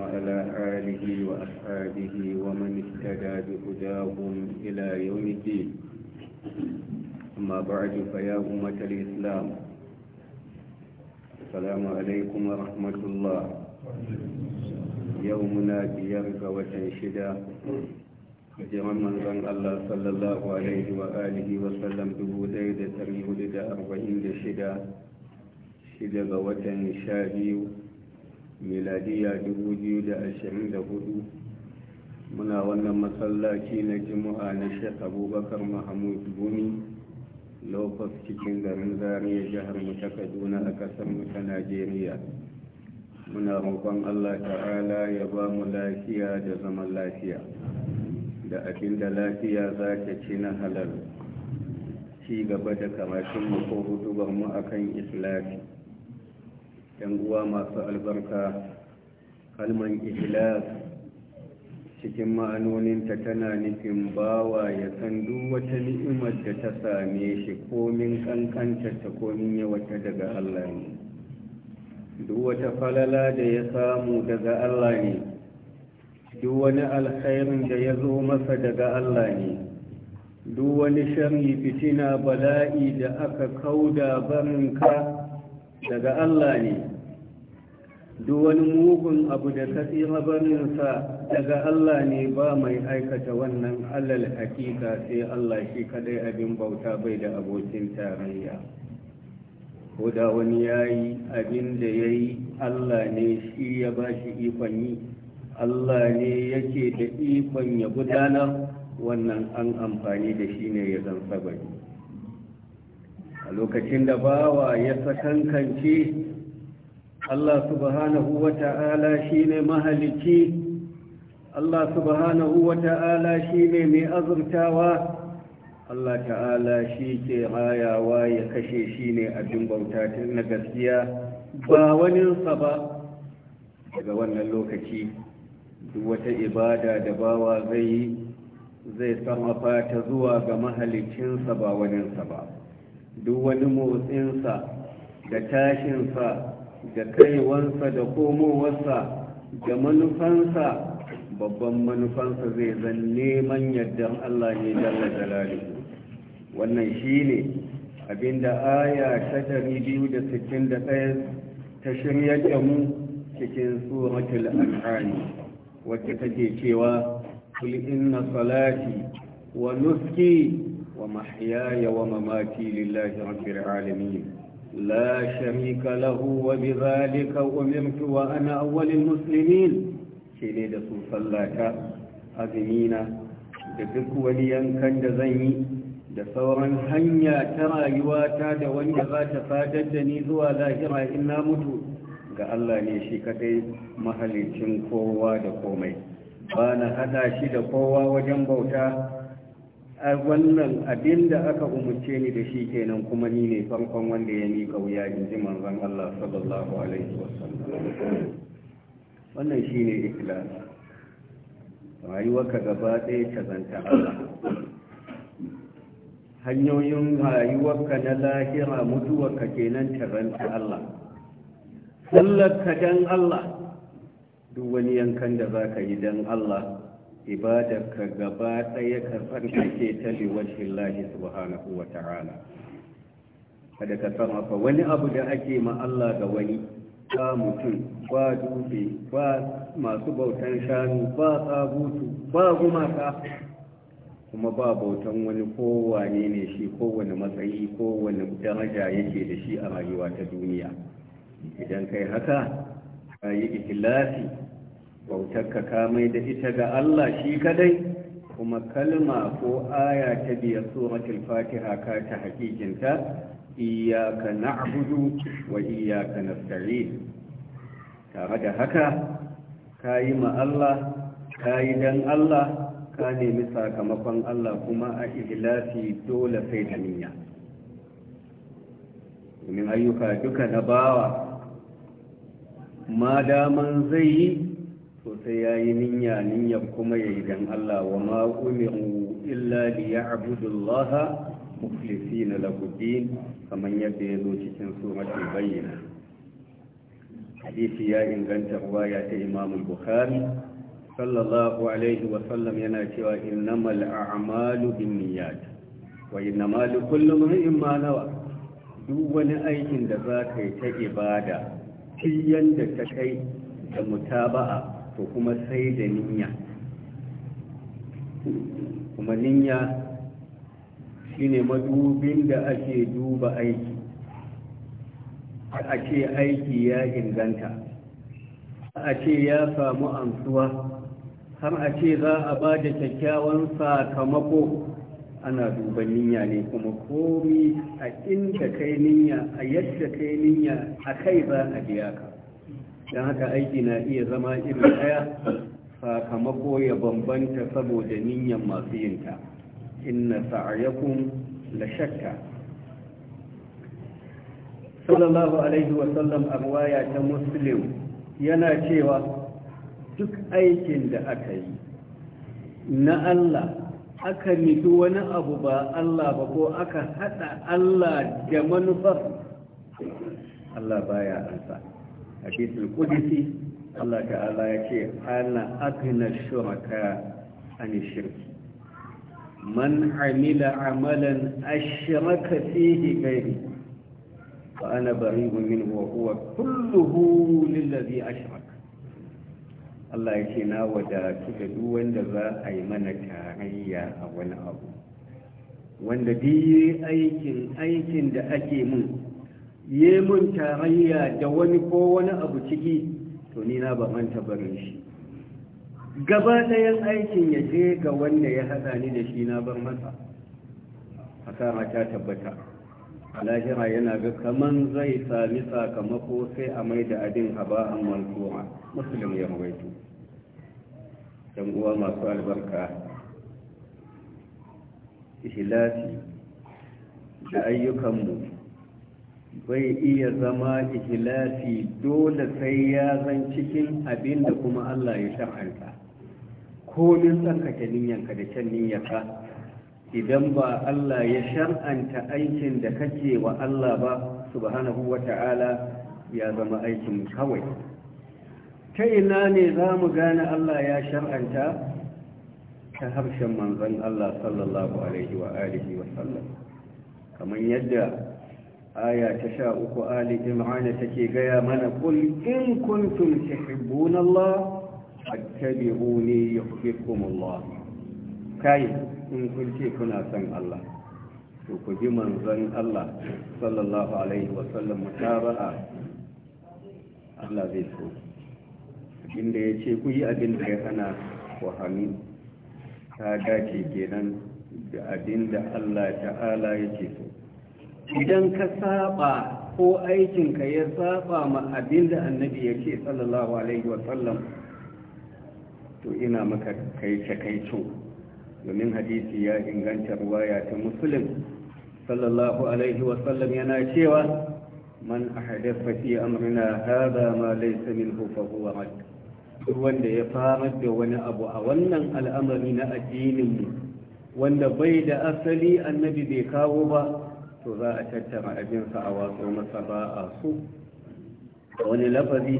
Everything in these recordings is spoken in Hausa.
وعلى آله وأصحابه ومن اهتدى بهداهم إلى يوم الدين أما بعد فيا أمة الإسلام السلام عليكم ورحمة الله يومنا بيرك وتنشدا jiran manzon Allah sallallahu alaihi wa wa sallam dubu ɗaya da ɗari hudu arba'in da shida shida ga watan sha biyu miladiya 2024 muna wannan masallaci na jimu'a na shek abubakar mahamud gumi lokacin cikin garin zariya jihar mu ta kaduna a ƙasar mu ta najeriya muna roƙon allah ta'ala ya ba mu lafiya da zaman lafiya da abin da lafiya za ta ci na halal ci gaba da karatun ko huɗubarmu mu akan Islafi. yan uwa masu albarka kalman ihlas cikin ma'anoninta tana nufin bawa ya san duk wata ni'imar da ta same shi komin kankanta ta komin yawata daga Allah ne duk wata falala da ya samu daga Allah ne duk wani alkhairin da ya zo masa daga Allah ne duk wani sharri fitina bala'i da aka kauda barinka daga Allah ne duk wani mugun abu da ka tsira barinsa daga Allah ne ba mai aikata wannan alal hakika sai Allah shi kadai abin bauta bai da abokin tarayya ko da wani ya yi abin da ya yi Allah ne shi ya ba shi ikon yi Allah ne yake da ikon ya gudanar wannan an amfani da shi ne ya zan sabari lokacin da bawa ya sakankance Allah subhanahu wa ta'ala shi ne mahalicci Allah subhanahu wa ta'ala shi ne mai azurtawa Allah ta'ala shi ke rayawa ya kashe shi ne abin bauta na gaskiya ba waninsa ba daga wannan lokaci duk wata ibada da bawa zai yi zai sarrafa ta zuwa ga mahalicinsa ba waninsa ba duk wani motsinsa da tashinsa da kaiwansa da komowarsa da manufansa babban manufansa zai zan neman yadda Allah ne jalla jalali wannan shine abinda aya ta ɗaya ta shiryar da mu cikin suratul an'am wacce take cewa kul inna salati wa nuski ومحياي ومماتي لله رب العالمين لا شريك له وبذلك أمرت وأنا أول المسلمين شيني دسو صلاك أذنينا دفك وليا كان دزيني da sauran hanya ta rayuwata da wanda za ta fadar da ni zuwa lahira in na mutu ga Allah ne shi kadai mahalicin kowa da komai ba na hada shi da kowa wajen bauta a wannan abin da aka umarce ni da shi kenan kuma ni ne farkon wanda ya miƙa wuya in ji manzon Allah sallallahu alaihi wasallam wannan shine ikhlas rayuwarka gaba ɗaya ta zanta Allah hanyoyin rayuwarka na lahira mutuwarka kenan ta zanta Allah sallarka dan Allah duk wani yankan da za ka yi dan Allah ibadarka gaba ɗaya karfan ke ta liwajin lahi subhanahu wa ta'ala kada ka san afa wani abu da ake ma Allah ga wani ba mutum ba dubi, ba masu bautan shanu ba tsabutu ba gumaka kuma ba bautan wani kowane ne shi kowane matsayi kowane daraja yake da shi a rayuwa ta duniya idan kai haka ka yi bautarka ka mai da ita ga Allah shi kadai kuma kalma ko aya ta biya suratul fatiha ka ta hakikinta iyaka na'budu wa iyaka nasta'in tare da haka ka ma Allah ka dan Allah ka nemi sakamakon Allah kuma a ihlasi dole sai da niyya domin ayyuka duka na bawa ma daman zai yi sosai ya yi niyya niyyar kuma ya yi don Allah wa ma umiru illa li ya'budu Allah mukhlisina lahu din kamar yadda ya zo cikin suratul bayyana. hadisi ya inganta riwaya ta Imam Bukhari sallallahu alaihi wa sallam yana cewa innamal a'malu binniyat wa innama likulli imrin ma nawa duk wani aikin da za ka yi ta ibada kiyan da ta kai da mutaba'a to kuma sai da niyya kuma niyya shine madubin da ake duba aiki a ce aiki ya inganta a ce ya samu amsuwa har a ce za a ba da kyakkyawan sakamako ana duban niyya ne kuma komi a inda kai niyya a yadda kai niyya a kai za a biya ka don haka aiki na iya zama irin daya sakamako ya bambanta saboda niyyar masu yinta inna sa'ayakum la shakka sallallahu alaihi wa sallam arwaya ta muslim yana cewa duk aikin da aka yi na Allah aka nufi wani abu ba Allah ba ko aka haɗa Allah da manufar Allah baya ansa hadisul qudsi Allah ta'ala ya ce ana akna shuraka an shirki man amila amalan ashraka fihi ghairi fa ana bari'u minhu wa huwa kulluhu lillazi ashrak Allah ya ce na wadatu da duk wanda za a yi mana tarayya a wani abu wanda duk aikin aikin da ake mun yi mun tarayya da wani ko wani abu ciki to ni na ba manta barin shi gaba ɗayan aikin ya je ga wanda ya haɗa ni da shi na bar masa asara ta tabbata lahira yana ga kaman zai sami sakamako sai a mai da abin haba an mansuwa musulun ya rawaito dan uwa masu albarka ihlasi da ayyukanmu bai iya zama ikilasi dole sai ya zan cikin abin da kuma Allah ya shar'anta komin tsarkake niyyanka da kyan niyyarka idan ba Allah ya shar'anta aikin da kake wa Allah ba subhanahu wata'ala ya zama aikin kawai ta ina ne za mu gane Allah ya shar'anta ta harshen manzon Allah sallallahu alaihi wa alihi wa sallam kamar yadda aya ta sha uku ali imran take gaya mana kul in kuntum tuhibbuna Allah fattabi'uni yuhibbukum Allah kai in kun ce kuna son Allah to ku ji manzon Allah sallallahu alaihi wa sallam mutaba'a Allah zai so inda ya ce ku yi abin da ya hana ku ta dace kenan da abin da Allah ta'ala yake so idan ka saba ko aikinka ya saba ma abin da annabi ya ce sallallahu alaihi wasallam to ina maka kai takaicu domin hadisi ya inganta ruwaya ta musulun sallallahu alaihi wasallam yana cewa man ahadatha fi amrina hadha ma laysa minhu fa huwa duk wanda ya fara da wani abu a wannan al'amari na addinin wanda bai da asali annabi bai kawo ba to za a tattara abinsa a watsa masa ba a so wani lafazi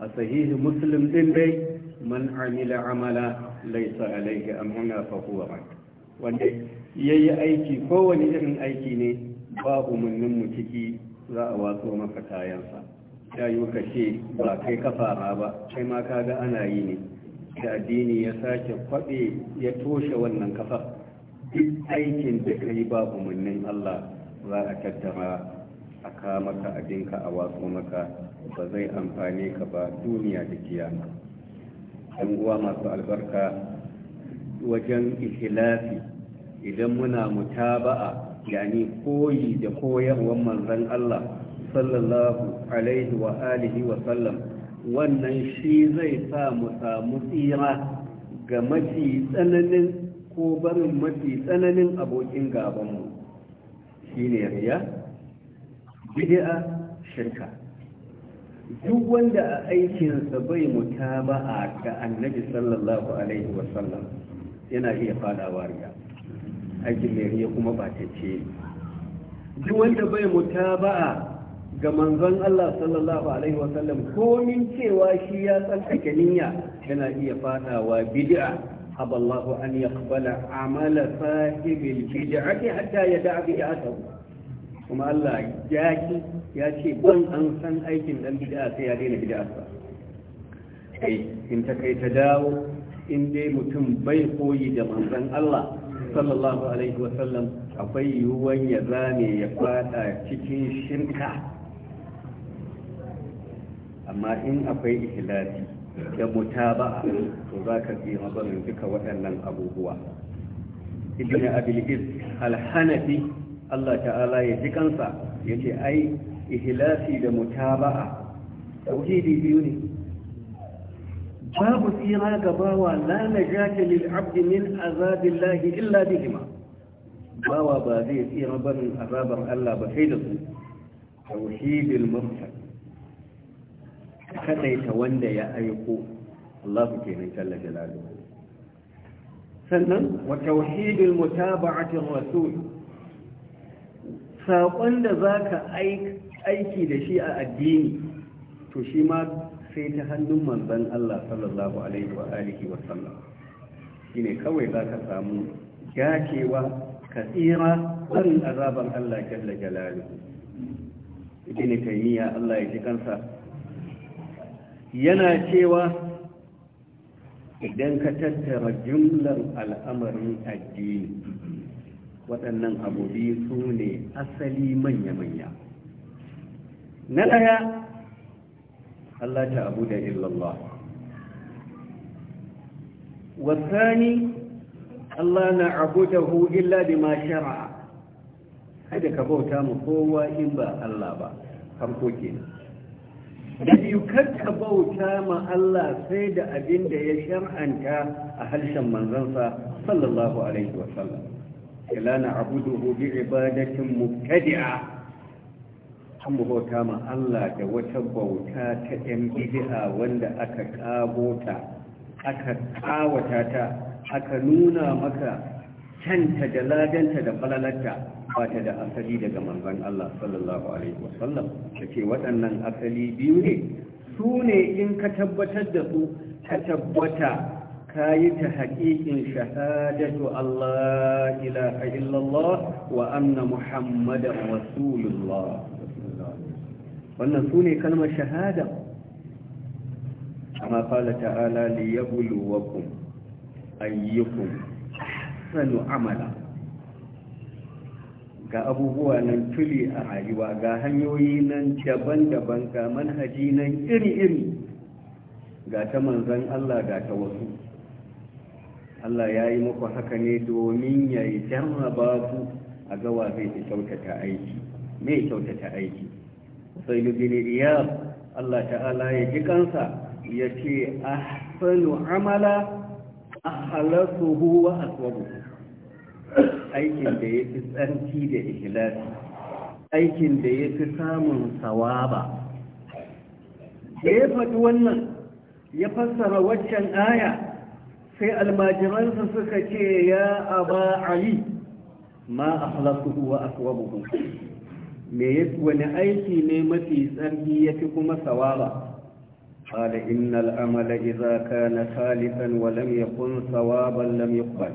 a sahihi muslim din dai man amila amala laisa alaihi amruna fa huwa wanda yayi aiki kowane irin aiki ne ba umarnin mu ciki za a watso maka kayansa ya yi kashe ba kai fara ba kai ma kaga ana yi ne da addini ya sake kwaɓe ya toshe wannan kafa duk aikin da kai ba umarnin Allah za a tattara a kama ka abinka a wasu maka ba zai amfane ka ba duniya da kiyama ɗan uwa masu albarka wajen ikilafi idan muna mutaba'a yani koyi da koyarwar manzan Allah sallallahu alaihi wa alihi wa sallam wannan shi zai sa mu samu tsira ga mafi tsananin ko barin mafi tsananin abokin gabanmu shine riya bid'a shirka duk wanda a aikinsa bai mutaba'a ga annabi sallallahu alaihi sallam yana iya fadawa riya aikin ne riya kuma ba ta ce duk wanda bai mutaba'a ga manzon Allah sallallahu alaihi wasallam komin cewa shi ya tsaka niyya yana iya fadawa bid'a أبى الله أن يقبل عمل صاحب البدعة حتى يدع بدعته kuma Allah ya ki ya ce ban an san aikin dan bid'a sai ya daina bid'a sa kai in ta kai ta dawo in dai mutum bai koyi da manzon Allah sallallahu alaihi wasallam akwai yiwuwan ya zame ya fada cikin shirka amma in akwai ikhlasi da mutaba'a to za ka fi matsalin duka waɗannan abubuwa ibn abilis alhanafi Allah ta'ala ya ji kansa ya ce ai ihlasi da mutaba'a tauhidi biyu ne babu tsira ga la najata lil abdi min azabillahi illa bihima bawa ba zai tsira barin azabar Allah ba sai da su tauhidil murtad kadaita wanda ya aiko Allah kenan jalla jalaluhu sannan wa tauhidul mutaba'ati rasul saƙon da za ka aiki da shi a addini to shi ma sai ta hannun manzon Allah sallallahu alaihi wa alihi wa sallam kawai za ka samu jacewa ka tsira barin azaban Allah jalla jalaluhu ibn taymiya Allah ya ji kansa yana cewa idan ka tattara jumlar al'amarin addini waɗannan abubi su ne asali manya-manya na ɗaya Allah ta abu da illallah wasani Allah na abu da hu illa bi ma shara'a haida ka bauta mu kowa in ba Allah ba farko kenan da biyu karka bauta ma Allah sai da abin da ya shar'anta a harshen manzansa sallallahu alaihi wa sallam ila na abuduhu bi ibadatin mubtadi'a an bauta ma Allah da wata bauta ta ɗan bid'a wanda aka kabota aka kawata ta aka nuna maka canta da ladanta da falalarta ba ta da asali daga manzon Allah sallallahu alaihi wasallam da ke waɗannan asali biyu ne su ne in ka tabbatar da su ka tabbata ka yi ta haƙiƙin shahadatu Allah ilaha illallah wa anna muhammadan rasulullah wannan su ne kalmar shahada amma fala ta'ala liyabluwakum ayyukum ahsanu amala ga abubuwa nan tuli a rayuwa ga hanyoyi nan daban-daban ga manhaji nan iri-iri ga ta manzan Allah ga ta wasu Allah ya yi muku haka ne domin ya yi jarraba ku a gawa zai fi kyautata aiki mai kyautata aiki sai bin Allah ta'ala ya ji kansa ya ce ahsanu amala ahlasuhu wa aswabuhu aikin da ya fi tsarki da ikhlasi aikin da ya fi samun sawaba da ya faɗi wannan ya fassara waccan aya sai almajiransa suka ce ya aba ali ma akhlasuhu wa aswabuhu me wani aiki ne mafi tsarki ya fi kuma sawaba قال إن الأمل إذا كان خالفا ولم يكن ثوابا لم يقبل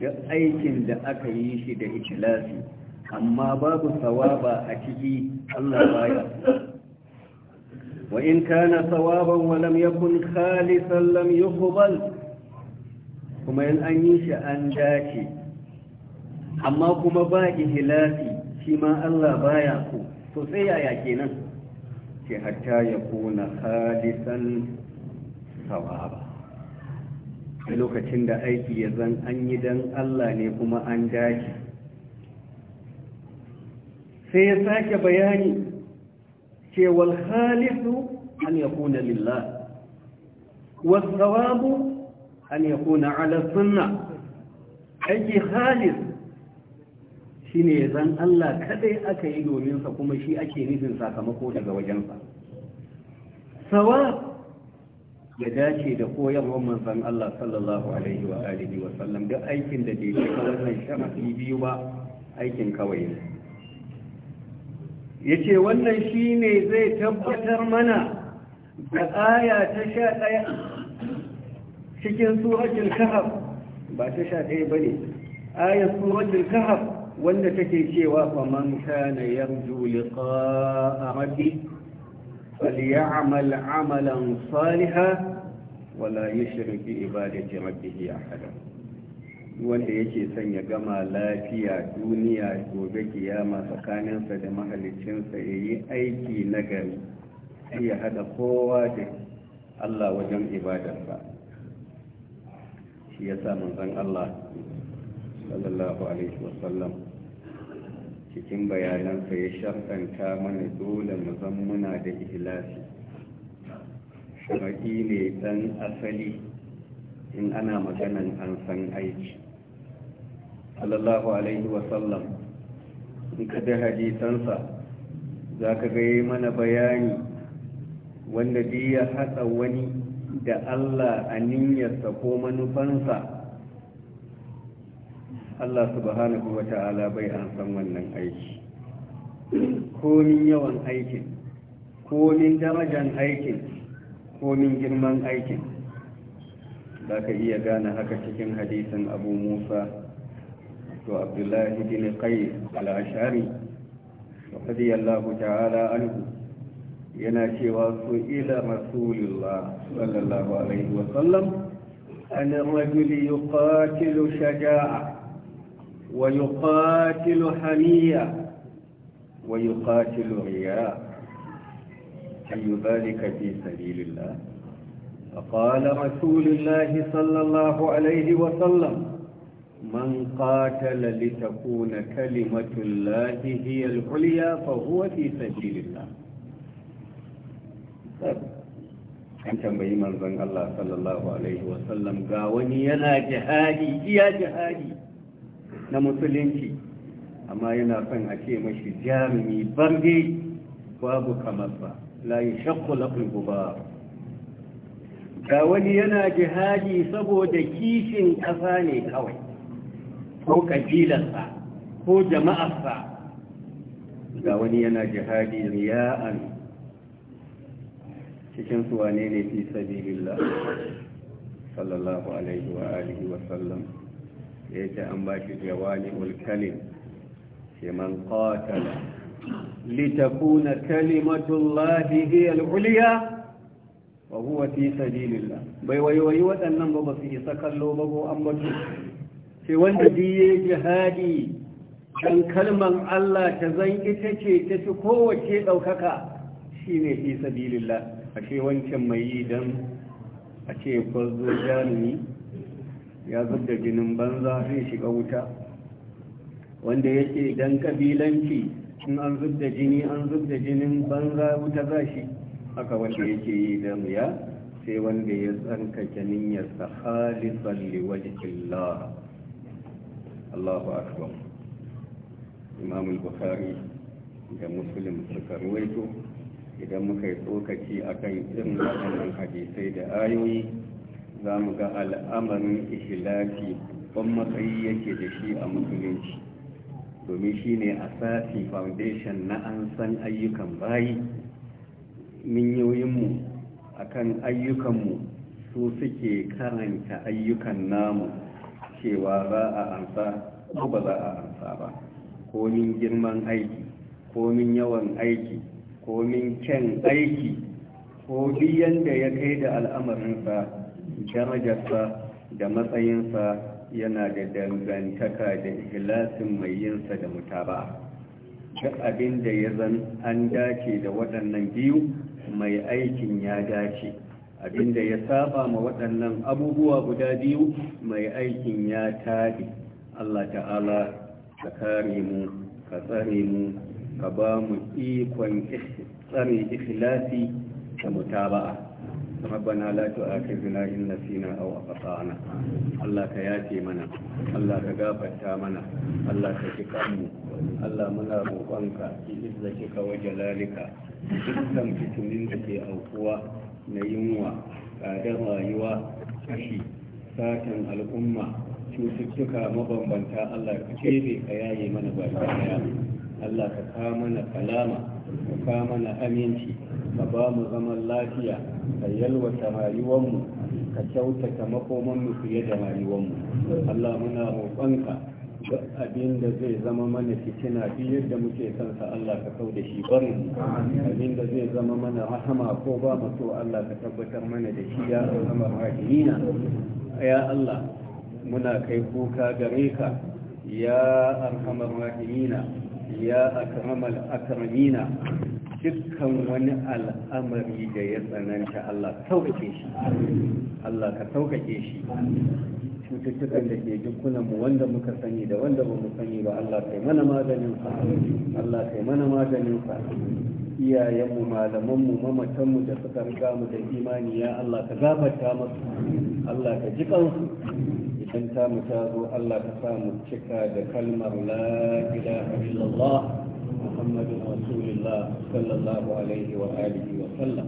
duk aikin da aka yi shi da ikhlasi amma babu sawaba a ciki Allah baya wa in kana sawaban wa lam yakun khalisan lam yuqbal kuma in an yi shi an dace amma kuma ba ihlasi shi ma Allah baya ku to sai yaya kenan sai hatta ya kuna khalisan sawaba lokacin da aiki ya zan an yi don Allah ne kuma an dace sai ya sake bayani cewar halittu an ya kuna lillah wasu an ya kuna alasunna aiki halis shi ne zan Allah kadai aka yi dominsa kuma shi ake nufin sakamako daga wajensa sawab ya dace da koyarwar manzon Allah sallallahu alaihi wa alihi wa sallam duk aikin da bai cika wannan sharafi biyu ba aikin kawai ne yace wannan shine zai tabbatar mana da aya ta sha daya cikin suratul kahf ba ta sha daya bane aya suratul kahf wanda take cewa faman kana yarju liqa'a rabbih فليعمل عملا صالحا wala yushrik bi ibadati rabbih ahada wanda yake son ya gama lafiya duniya gobe kiyama tsakaninsa da mahaliccinsa ya yi aiki na gari sai ya hada kowa da Allah wajen ibadarsa shi ya sa manzon Allah sallallahu alaihi wasallam cikin bayanansa ya shartanta mana dole mu zan muna da ihlasi baki ne dan asali in ana maganan an san aiki sallallahu alaihi wasallam in ka da hadisansa za ka ga mana bayani wanda bi ya haɗa wani da allah a niyyarsa ko manufansa allah subhanahu wa ta'ala bai an san wannan aiki komin yawan aikin komin darajan aikin komin girman aikin za ka iya gane haka cikin hadisin abu musa to abdullahi bin qais al-ashari radiyallahu ta'ala anhu yana cewa su ila rasulullah sallallahu alaihi wa sallam an rajuli yuqatilu shaja'a wa yuqatilu hamiya wa yuqatilu riya' أي ذلك في سبيل الله فقال رسول الله صلى الله عليه وسلم من قاتل لتكون كلمة الله هي العليا فهو في سبيل الله an tambayi manzon Allah sallallahu alaihi wasallam ga wani yana jihadi iya jihadi na musulunci amma yana son a ce mashi jami'i barge babu kamar ba Layi yashqu lahu gubar ga wani yana jihadi saboda kishin ƙasa ne kawai ko ƙabilarsa ko jama'arsa ga wani yana jihadi riya'an cikin su wane ne fi sabilillah sallallahu alaihi wa alihi wa ya ce an ba shi jawani ulkalin ke man qatala litakuna kalimatullahi hiya al-ulya wa huwa fi sabilillah bai wayoyi waɗannan ba ba isa kallo ba ko an bato sai wanda diye jihadi dan kalman Allah ta zan ita ce ta fi kowace ɗaukaka shine fi sabilillah ashe wancan mai yi dan a ce kwazo jami'i ya zubda jinin banza zai shiga wuta wanda yake dan kabilanci in an zub da jini an zub jinin banza wuta zashi shi haka wanda yake yi da ya sai wanda ya tsankake niyyarsa halisan liwajillah Allahu akbar Imam al-Bukhari da Muslim suka ruwaito idan muka yi tsokaci akan irin wannan hadisai da ayoyi za mu ga al'amarin ihlaki ban matsayi yake da shi a musulunci domin shi ne a sati foundation na an san ayyukan bayi minyoyinmu a kan ayyukanmu su suke karanta ayyukan namu cewa za a amsa ko ba za a amsa ba komin girman aiki komin yawan aiki komin kyan aiki ko biyan da ya kai da al'amarinsa jarajarsa da matsayinsa yana da dangantaka da ihlasin mai yinsa da mutaba duk abin da ya zan an dace da waɗannan biyu mai aikin ya dace abin da ya saba ma waɗannan abubuwa guda biyu mai aikin ya tari Allah ta'ala ka kare ka tsare mu ka ba mu ikon tsare ikilasi da mutaba'a ربنا لا تؤاخذنا إن نسينا أو أخطأنا الله كياتي منا الله كغافت منا الله كتكمو الله منا روحانك بإذنك وجلالك dukkan fitinin da ke aukuwa na yunwa tsadar rayuwa kashi satan al'umma cututtuka mabambanta allah ka cebe ka yaye mana ba allah ka kama na kalama ka kama aminci ka ba mu zaman lafiya ka yalwata rayuwarmu ka kyautata makomanmu fiye da mu. Allah muna roƙonka Abinda abin da zai zama mana fitina biyar da muke kansa Allah ka kau da shi barin abin da zai zama mana rahama ko ba mu so Allah ka tabbatar mana da shi ya rahama rahimina ya Allah muna kai kuka gare ka ya arhamar rahimina ya akramal akramina dukkan wani al'amari da ya tsananta Allah sauƙaƙe shi Allah ka sauƙaƙe shi cututtukan da ke dukkanin wanda muka sani da wanda ba mu sani ba Allah kai mana maganin sa Allah kai mana maganin sa iyayenmu malamanmu mamatanmu da suka riga mu da imani ya Allah ka gabata masu Allah ka ji kansu idan ta mu ta zo Allah ka sa mu cika da kalmar la ilaha illallah محمد رسول الله صلى الله عليه وآله وسلم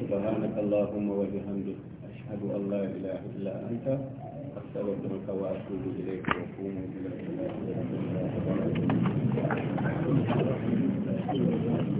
سبحانك اللهم وبحمدك أشهد أن لا إله إلا أنت أستغفرك وأتوب إليك وأقوم إلى الله